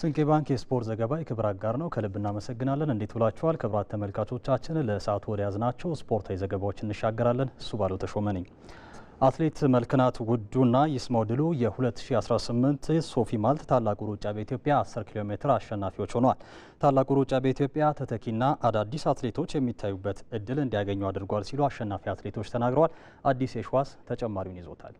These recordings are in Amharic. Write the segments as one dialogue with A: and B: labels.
A: ስንቄ ባንክ የስፖርት ዘገባ የክብር አጋር ነው። ከልብ እናመሰግናለን። እንዴት ውላችኋል ክብራት ተመልካቾቻችን? ለሰዓቱ ወደ ያዝናቸው ስፖርታዊ ዘገባዎች እንሻገራለን። እሱ ባለው ተሾመ ነኝ። አትሌት መልክናት ውዱና ይስማው ድሉ የ2018 ሶፊ ማልት ታላቁ ሩጫ በኢትዮጵያ 10 ኪሎ ሜትር አሸናፊዎች ሆኗል። ታላቁ ሩጫ በኢትዮጵያ ተተኪና አዳዲስ አትሌቶች የሚታዩበት እድል እንዲያገኙ አድርጓል ሲሉ አሸናፊ አትሌቶች ተናግረዋል። አዲስ የሸዋስ ተጨማሪውን ይዞታል።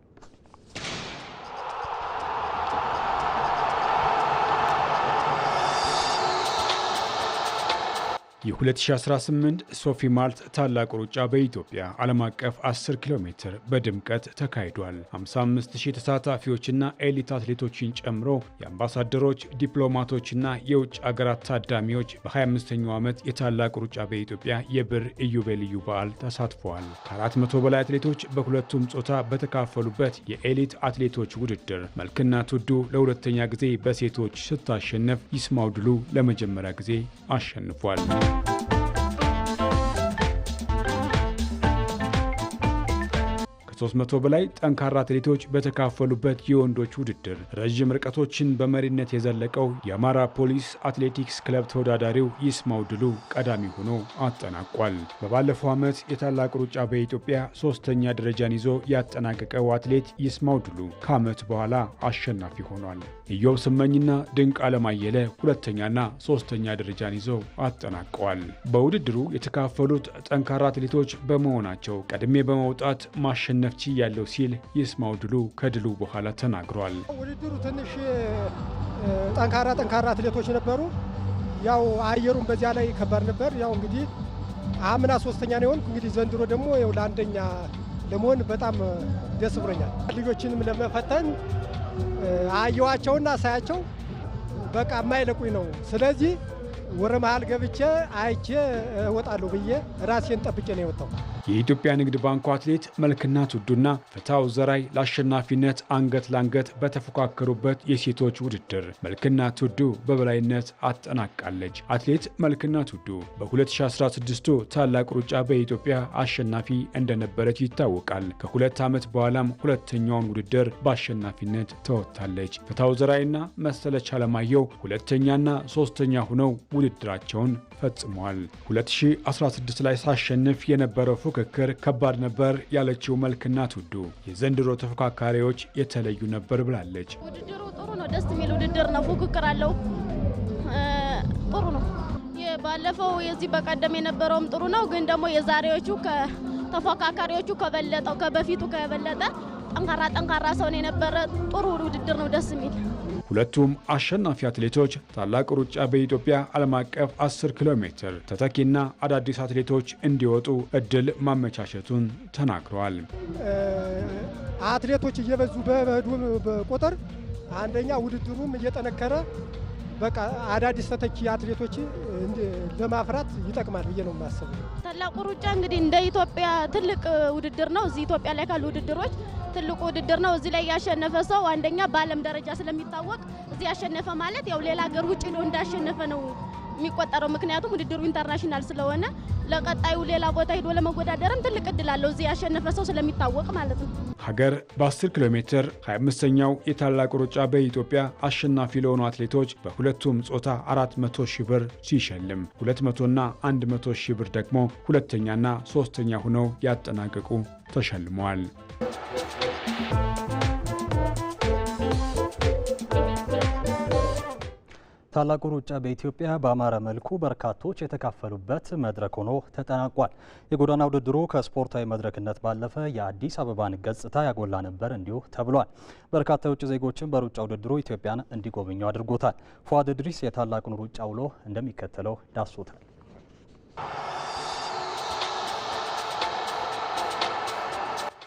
A: የ2018 ሶፊ ማልት ታላቅ ሩጫ በኢትዮጵያ ዓለም አቀፍ 10 ኪሎ ሜትር በድምቀት ተካሂዷል። 55000 ተሳታፊዎችና ኤሊት አትሌቶችን ጨምሮ የአምባሳደሮች ዲፕሎማቶችና የውጭ አገራት ታዳሚዎች በ25ኛው ዓመት የታላቅ ሩጫ በኢትዮጵያ የብር ኢዮቤልዩ በዓል ተሳትፈዋል። ከ400 በላይ አትሌቶች በሁለቱም ጾታ በተካፈሉበት የኤሊት አትሌቶች ውድድር መልክና ትውዱ ለሁለተኛ ጊዜ በሴቶች ስታሸነፍ፣ ይስማው ድሉ ለመጀመሪያ ጊዜ አሸንፏል። あ ከ300 በላይ ጠንካራ አትሌቶች በተካፈሉበት የወንዶች ውድድር ረዥም ርቀቶችን በመሪነት የዘለቀው የአማራ ፖሊስ አትሌቲክስ ክለብ ተወዳዳሪው ይስማው ድሉ ቀዳሚ ሆኖ አጠናቋል። በባለፈው ዓመት የታላቅ ሩጫ በኢትዮጵያ ሶስተኛ ደረጃን ይዞ ያጠናቀቀው አትሌት ይስማው ድሉ ከዓመት በኋላ አሸናፊ ሆኗል። ኢዮብ ስመኝና ድንቅ አለማየለ ሁለተኛና ሶስተኛ ደረጃን ይዘው አጠናቀዋል። በውድድሩ የተካፈሉት ጠንካራ አትሌቶች በመሆናቸው ቀድሜ በመውጣት ማሸነ ማሸነፍ ችያለሁ ሲል ይስማው ድሉ ከድሉ በኋላ ተናግሯል።
B: ውድድሩ ትንሽ ጠንካራ ጠንካራ አትሌቶች ነበሩ። ያው አየሩን በዚያ ላይ ከባድ ነበር። ያው እንግዲህ አምና ሶስተኛ ነው የሆንኩ። እንግዲህ ዘንድሮ ደግሞ ያው ለአንደኛ ለመሆን በጣም ደስ ብሎኛል። ልጆችንም ለመፈተን አየዋቸውና ሳያቸው በቃ የማይለቁኝ ነው። ስለዚህ ወረ መሀል ገብቼ አይቼ እወጣለሁ ብዬ ራሴን ጠብቄ ነው የወጣው።
A: የኢትዮጵያ ንግድ ባንኩ አትሌት መልክና ቱዱና ፍታው ዘራይ ለአሸናፊነት አንገት ለአንገት በተፎካከሩበት የሴቶች ውድድር መልክና ቱዱ በበላይነት አጠናቃለች። አትሌት መልክና ቱዱ በ2016 ታላቅ ሩጫ በኢትዮጵያ አሸናፊ እንደነበረች ይታወቃል። ከሁለት ዓመት በኋላም ሁለተኛውን ውድድር በአሸናፊነት ተወጥታለች። ፍታው ዘራይና መሰለች አለማየው ሁለተኛና ሶስተኛ ሆነው ውድድራቸውን ፈጽመዋል። 2016 ላይ ሳሸንፍ የነበረው ፉክክር ከባድ ነበር ያለችው መልክና ትውዱ የዘንድሮ ተፎካካሪዎች የተለዩ ነበር ብላለች።
C: ውድድሩ ጥሩ ነው፣ ደስ የሚል ውድድር ነው። ፉክክር አለው፣ ጥሩ ነው። ባለፈው የዚህ በቀደም የነበረውም ጥሩ ነው፣ ግን ደግሞ የዛሬዎቹ ተፎካካሪዎቹ ከበለጠው ከበፊቱ ከበለጠ ጠንካራ ጠንካራ ሰውን የነበረ ጥሩ ውድድር ነው፣ ደስ የሚል
A: ሁለቱም አሸናፊ አትሌቶች ታላቅ ሩጫ በኢትዮጵያ ዓለም አቀፍ 10 ኪሎ ሜትር ተተኪና አዳዲስ አትሌቶች እንዲወጡ እድል ማመቻቸቱን ተናግረዋል።
B: አትሌቶች እየበዙ በመሄዱ ቁጥር አንደኛ ውድድሩም እየጠነከረ በቃ አዳዲስ ተተኪ አትሌቶች ለማፍራት ይጠቅማል ብዬ ነው የማስበው።
C: ታላቁ ሩጫ እንግዲህ እንደ ኢትዮጵያ ትልቅ ውድድር ነው። እዚህ ኢትዮጵያ ላይ ካሉ ውድድሮች ትልቁ ውድድር ነው። እዚህ ላይ ያሸነፈ ሰው አንደኛ በዓለም ደረጃ ስለሚታወቅ እዚህ ያሸነፈ ማለት ያው ሌላ ሀገር ውጭ ነው እንዳሸነፈ ነው የሚቆጠረው። ምክንያቱም ውድድሩ ኢንተርናሽናል ስለሆነ ለቀጣዩ ሌላ ቦታ ሄዶ ለመወዳደርም ትልቅ እድል አለው። እዚህ ያሸነፈ ሰው ስለሚታወቅ ማለት ነው።
A: ሀገር በ10 ኪሎ ሜትር 25ኛው የታላቁ ሩጫ በኢትዮጵያ አሸናፊ ለሆኑ አትሌቶች በሁለቱም ጾታ 400 ሺህ ብር ሲሸልም 200ና 100 ሺህ ብር ደግሞ ሁለተኛና ሶስተኛ ሆነው ያጠናቀቁ ተሸልመዋል። ታላቁ ሩጫ በኢትዮጵያ በአማረ መልኩ በርካቶች የተካፈሉበት መድረክ ሆኖ ተጠናቋል። የጎዳና ውድድሩ ከስፖርታዊ መድረክነት ባለፈ የአዲስ አበባን ገጽታ ያጎላ ነበር እንዲሁ ተብሏል። በርካታ የውጭ ዜጎችን በሩጫ ውድድሩ ኢትዮጵያን እንዲጎበኙ አድርጎታል። ፏድ ድሪስ የታላቁን ሩጫ ውሎ እንደሚከተለው ዳሶታል።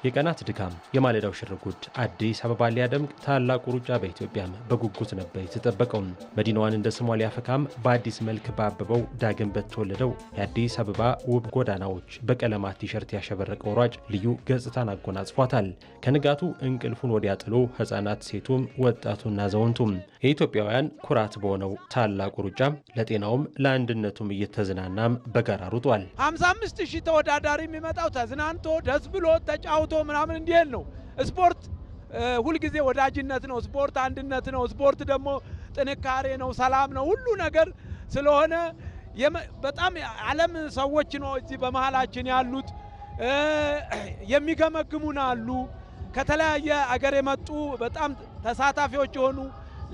A: የቀናት ድካም፣ የማለዳው ሽርጉድ አዲስ አበባ ሊያደምቅ ታላቁ ሩጫ በኢትዮጵያም በጉጉት ነበር የተጠበቀው። መዲናዋን እንደ ስሟ ሊያፈካም በአዲስ መልክ ባበበው ዳግም በተወለደው የአዲስ አበባ ውብ ጎዳናዎች በቀለማት ቲሸርት ያሸበረቀው ሯጭ ልዩ ገጽታን አጎናጽፏታል። ከንጋቱ እንቅልፉን ወዲያ ጥሎ ሕፃናት፣ ሴቱም፣ ወጣቱና አዛውንቱም የኢትዮጵያውያን ኩራት በሆነው ታላቁ ሩጫ ለጤናውም ለአንድነቱም እየተዝናናም በጋራ ሩጧል።
D: 55 ሺህ ተወዳዳሪ የሚመጣው ተዝናንቶ ደስ ብሎ ተጫው ፎቶ ምናምን እንዲሄድ ነው። ስፖርት ሁልጊዜ ወዳጅነት ነው። ስፖርት አንድነት ነው። ስፖርት ደግሞ ጥንካሬ ነው፣ ሰላም ነው፣ ሁሉ ነገር ስለሆነ በጣም ዓለም ሰዎች ነው እዚህ በመሀላችን ያሉት። የሚገመግሙን አሉ ከተለያየ አገር የመጡ በጣም ተሳታፊዎች የሆኑ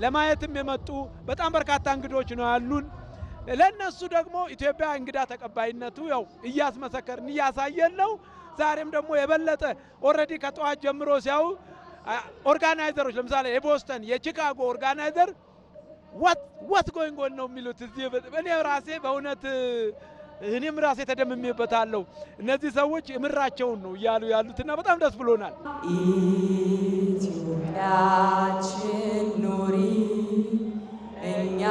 D: ለማየትም የመጡ በጣም በርካታ እንግዶች ነው ያሉን። ለእነሱ ደግሞ ኢትዮጵያ እንግዳ ተቀባይነቱ ያው እያስመሰከርን እያሳየን ነው። ዛሬም ደግሞ የበለጠ ኦልሬዲ ከጠዋት ጀምሮ ሲያዩ ኦርጋናይዘሮች ለምሳሌ የቦስተን የቺካጎ ኦርጋናይዘር ወት ጎይንግ ኦን ነው የሚሉት። እዚህ እኔ ራሴ በእውነት እኔም ራሴ ተደምሜበታለሁ። እነዚህ ሰዎች እምራቸውን ነው እያሉ ያሉትና በጣም ደስ ብሎናል። ኢትዮጵያችን ኑሪ እኛ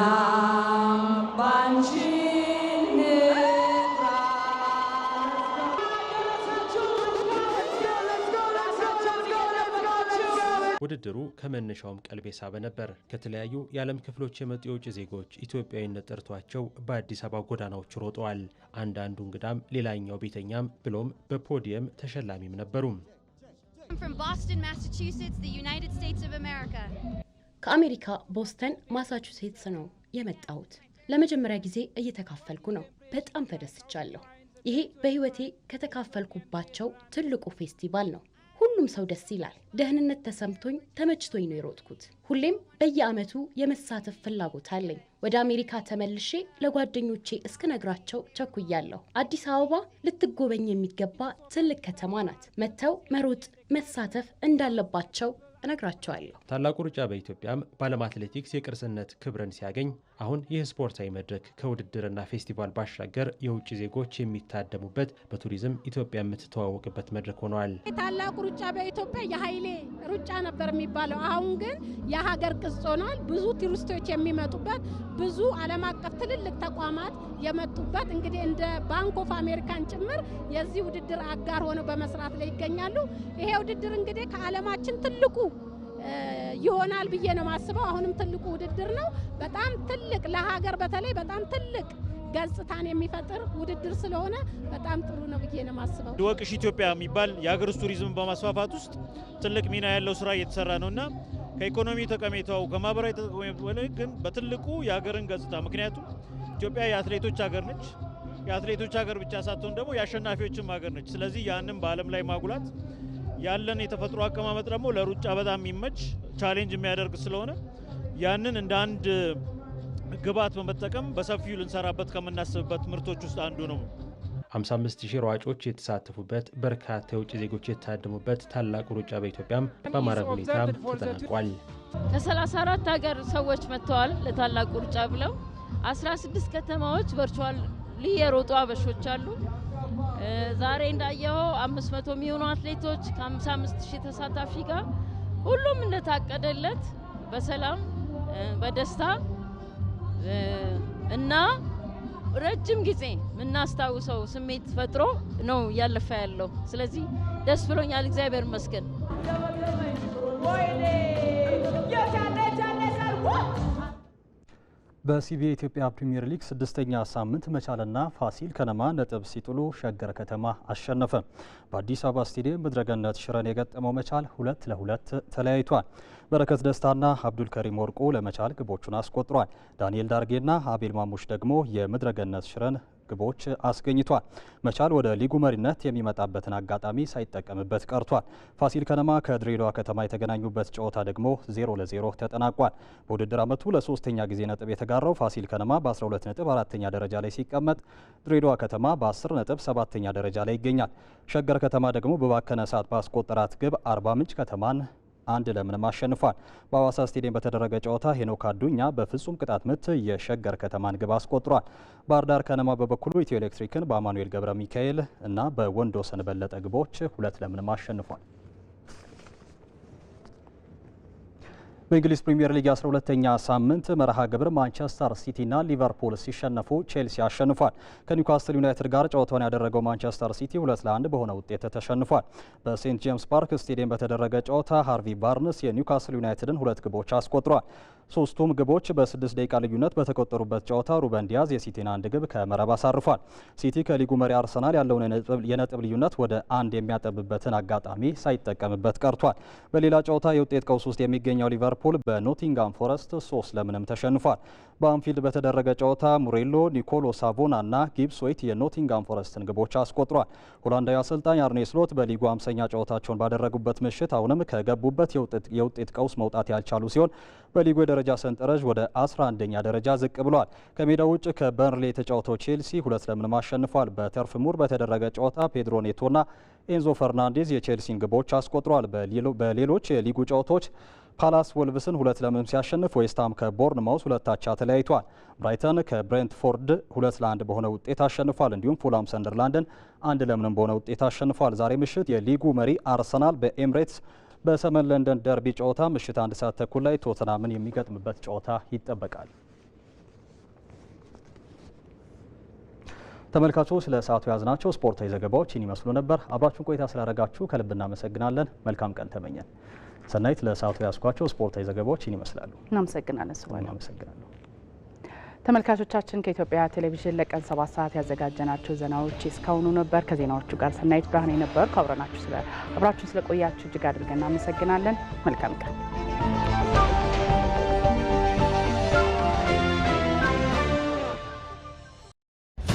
A: ውድድሩ ከመነሻውም ቀልብ የሳበ ነበር። ከተለያዩ የዓለም ክፍሎች የመጡ የውጭ ዜጎች ኢትዮጵያዊነት ጠርቷቸው በአዲስ አበባ ጎዳናዎች ሮጠዋል። አንዳንዱ እንግዳም፣ ሌላኛው ቤተኛም ብሎም በፖዲየም ተሸላሚም ነበሩ።
E: ከአሜሪካ ቦስተን ማሳቹሴትስ ነው የመጣሁት። ለመጀመሪያ ጊዜ እየተካፈልኩ ነው። በጣም ተደስቻለሁ። ይሄ በህይወቴ ከተካፈልኩባቸው ትልቁ ፌስቲቫል ነው። ሁሉም ሰው ደስ ይላል። ደህንነት ተሰምቶኝ ተመችቶኝ ነው የሮጥኩት። ሁሌም በየዓመቱ የመሳተፍ ፍላጎት አለኝ። ወደ አሜሪካ ተመልሼ ለጓደኞቼ እስክነግራቸው ቸኩያለሁ። አዲስ አበባ ልትጎበኝ የሚገባ ትልቅ ከተማ ናት። መጥተው መሮጥ መሳተፍ እንዳለባቸው እነግራቸዋለሁ።
A: ታላቁ ሩጫ በኢትዮጵያም በዓለም አትሌቲክስ የቅርስነት ክብርን ሲያገኝ አሁን ይህ ስፖርታዊ መድረክ ከውድድርና ፌስቲቫል ባሻገር የውጭ ዜጎች የሚታደሙበት በቱሪዝም ኢትዮጵያ የምትተዋወቅበት መድረክ ሆኗል።
F: ታላቁ ሩጫ በኢትዮጵያ የኃይሌ ሩጫ ነበር የሚባለው፣ አሁን ግን የሀገር ቅጽ ሆኗል። ብዙ ቱሪስቶች የሚመጡበት ብዙ ዓለም አቀፍ ትልልቅ ተቋማት የመጡበት እንግዲህ እንደ ባንክ ኦፍ አሜሪካን ጭምር የዚህ ውድድር አጋር ሆነው በመስራት ላይ ይገኛሉ። ይሄ ውድድር እንግዲህ ከዓለማችን ትልቁ ይሆናል ብዬ ነው ማስበው። አሁንም ትልቁ ውድድር ነው። በጣም ትልቅ ለሀገር በተለይ በጣም ትልቅ ገጽታን የሚፈጥር ውድድር ስለሆነ በጣም ጥሩ ነው ብዬ ነው ማስበው።
D: ድወቅሽ ኢትዮጵያ የሚባል የሀገር ውስጥ ቱሪዝም በማስፋፋት ውስጥ ትልቅ ሚና ያለው ስራ እየተሰራ ነው እና ከኢኮኖሚ ጠቀሜታው ከማህበራዊ ጠቀሜታው ግን በትልቁ የሀገርን ገጽታ ምክንያቱም ኢትዮጵያ የአትሌቶች ሀገር ነች። የአትሌቶች ሀገር ብቻ ሳትሆን ደግሞ የአሸናፊዎችም ሀገር ነች። ስለዚህ ያንም በዓለም ላይ ማጉላት ያለን የተፈጥሮ አቀማመጥ ደግሞ ለሩጫ በጣም የሚመች ቻሌንጅ የሚያደርግ ስለሆነ ያንን እንደ አንድ ግብዓት በመጠቀም በሰፊው ልንሰራበት ከምናስብበት ምርቶች ውስጥ አንዱ ነው።
A: 55 ሺህ ሯጮች የተሳተፉበት በርካታ የውጭ ዜጎች የታደሙበት ታላቁ ሩጫ በኢትዮጵያም በአማረ ሁኔታ ተጠናቋል።
G: ከ34 ሀገር ሰዎች መጥተዋል ለታላቁ ሩጫ ብለው 16 ከተማዎች ቨርቹዋል ሊየሮጡ አበሾች አሉ። ዛሬ እንዳየኸው አምስት መቶ የሚሆኑ አትሌቶች ከሀምሳ አምስት ሺህ ተሳታፊ ጋር ሁሉም እንደታቀደለት በሰላም በደስታ እና ረጅም ጊዜ የምናስታውሰው ስሜት ፈጥሮ ነው እያለፈ ያለው። ስለዚህ ደስ ብሎኛል፣ እግዚአብሔር ይመስገን።
A: በሲቢኤ ኢትዮጵያ ፕሪምየር ሊግ ስድስተኛ ሳምንት መቻልና ፋሲል ከነማ ነጥብ ሲጥሉ ሸገር ከተማ አሸነፈ። በአዲስ አበባ ስቴዲየም ምድረገነት ሽረን የገጠመው መቻል ሁለት ለሁለት ተለያይቷል። በረከት ደስታና አብዱል ከሪም ወርቁ ለመቻል ግቦቹን አስቆጥሯል። ዳንኤል ዳርጌና አቤል ማሙሽ ደግሞ የምድረገነት ሽረን ግቦች አስገኝቷል። መቻል ወደ ሊጉ መሪነት የሚመጣበትን አጋጣሚ ሳይጠቀምበት ቀርቷል። ፋሲል ከነማ ከድሬዳዋ ከተማ የተገናኙበት ጨዋታ ደግሞ ዜሮ ለዜሮ ተጠናቋል። በውድድር ዓመቱ ለሶስተኛ ጊዜ ነጥብ የተጋራው ፋሲል ከነማ በ12 ነጥብ አራተኛ ደረጃ ላይ ሲቀመጥ፣ ድሬዳዋ ከተማ በ10 ነጥብ ሰባተኛ ደረጃ ላይ ይገኛል። ሸገር ከተማ ደግሞ በባከነ ሰዓት ባስቆጠራት ግብ አርባ ምንጭ ከተማን አንድ ለምንም አሸንፏል። በአዋሳ ስቴዲየም በተደረገ ጨዋታ ሄኖክ አዱኛ በፍጹም ቅጣት ምት የሸገር ከተማን ግብ አስቆጥሯል። ባህር ዳር ከነማ በበኩሉ ኢትዮ ኤሌክትሪክን በአማኑኤል ገብረ ሚካኤል እና በወንዶ ሰንበለጠ ግቦች ሁለት ለምንም አሸንፏል። በእንግሊዝ ፕሪምየር ሊግ 12ኛ ሳምንት መርሃ ግብር ማንቸስተር ሲቲና ሊቨርፑል ሲሸነፉ ቼልሲ አሸንፏል። ከኒውካስትል ዩናይትድ ጋር ጨዋታውን ያደረገው ማንቸስተር ሲቲ ሁለት ለአንድ በሆነ ውጤት ተሸንፏል። በሴንት ጄምስ ፓርክ ስቴዲየም በተደረገ ጨዋታ ሃርቪ ባርንስ የኒውካስትል ዩናይትድን ሁለት ግቦች አስቆጥሯል። ሶስቱም ግቦች በስድስት ደቂቃ ልዩነት በተቆጠሩበት ጨዋታ ሩበን ዲያዝ የሲቲን አንድ ግብ ከመረብ አሳርፏል። ሲቲ ከሊጉ መሪ አርሰናል ያለውን የነጥብ ልዩነት ወደ አንድ የሚያጠብበትን አጋጣሚ ሳይጠቀምበት ቀርቷል። በሌላ ጨዋታ የውጤት ቀውስ ውስጥ የሚገኘው ሊቨርፑል ሊቨርፑል በኖቲንጋም ፎረስት ሶስት ለምንም ተሸንፏል። በአንፊልድ በተደረገ ጨዋታ ሙሬሎ፣ ኒኮሎ ሳቮና እና ጊብስ ዌይት የኖቲንጋም ፎረስትን ግቦች አስቆጥሯል። ሆላንዳዊ አሰልጣኝ አርኔ ስሎት በሊጉ አምሰኛ ጨዋታቸውን ባደረጉበት ምሽት አሁንም ከገቡበት የውጤት ቀውስ መውጣት ያልቻሉ ሲሆን በሊጉ የደረጃ ሰንጠረዥ ወደ 11ኛ ደረጃ ዝቅ ብሏል። ከሜዳ ውጭ ከበርንሌ የተጫወተው ቼልሲ ሁለት ለምንም አሸንፏል። በተርፍ ሙር በተደረገ ጨዋታ ፔድሮ ኔቶና ኤንዞ ፈርናንዴዝ የቼልሲን ግቦች አስቆጥሯል። በሌሎች የሊጉ ጨዋታዎች ፓላስ ወልቭስን ሁለት ለምንም ሲያሸንፍ ዌስትሃም ከቦርንማውስ ሁለት አቻ ተለያይቷል። ብራይተን ከብሬንትፎርድ ሁለት ለአንድ በሆነ ውጤት አሸንፏል። እንዲሁም ፉላም ሰንደርላንድን አንድ ለምንም በሆነ ውጤት አሸንፏል። ዛሬ ምሽት የሊጉ መሪ አርሰናል በኤምሬትስ በሰሜን ለንደን ደርቢ ጨዋታ ምሽት አንድ ሰዓት ተኩል ላይ ቶተናምን የሚገጥምበት ጨዋታ ይጠበቃል። ተመልካቾች ለሰዓቱ የያዝናቸው ስፖርታዊ ዘገባዎች ይህን ይመስሉ ነበር። አብራችሁን ቆይታ ስላደረጋችሁ ከልብ እናመሰግናለን። መልካም ቀን ተመኘን። ሰናይት፣ ለሰዓቱ ያስኳቸው ስፖርታዊ ዘገባዎች ይህን ይመስላሉ።
H: እናመሰግናለን። እናመሰግናለሁ። ተመልካቾቻችን ከኢትዮጵያ ቴሌቪዥን ለቀን ሰባት ሰዓት ያዘጋጀናቸው ዜናዎች እስካሁኑ ነበር። ከዜናዎቹ ጋር ሰናይት ብርሃን የነበርኩ አብራችሁ ስለቆያችሁ እጅግ አድርገን እናመሰግናለን። መልካም ቀን